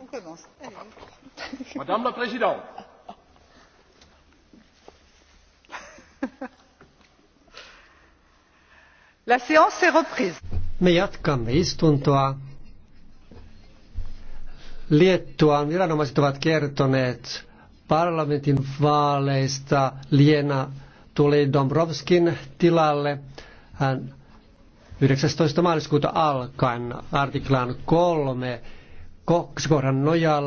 On commence. Allez. Madame la Présidente. La séance est reprise. Me jatkamme istuntoa. Liettuan viranomaiset ovat kertoneet parlamentin vaaleista Liena tuli Dombrovskin tilalle. Hän 19. maaliskuuta alkaen artiklaan kolme kohdan nojalla.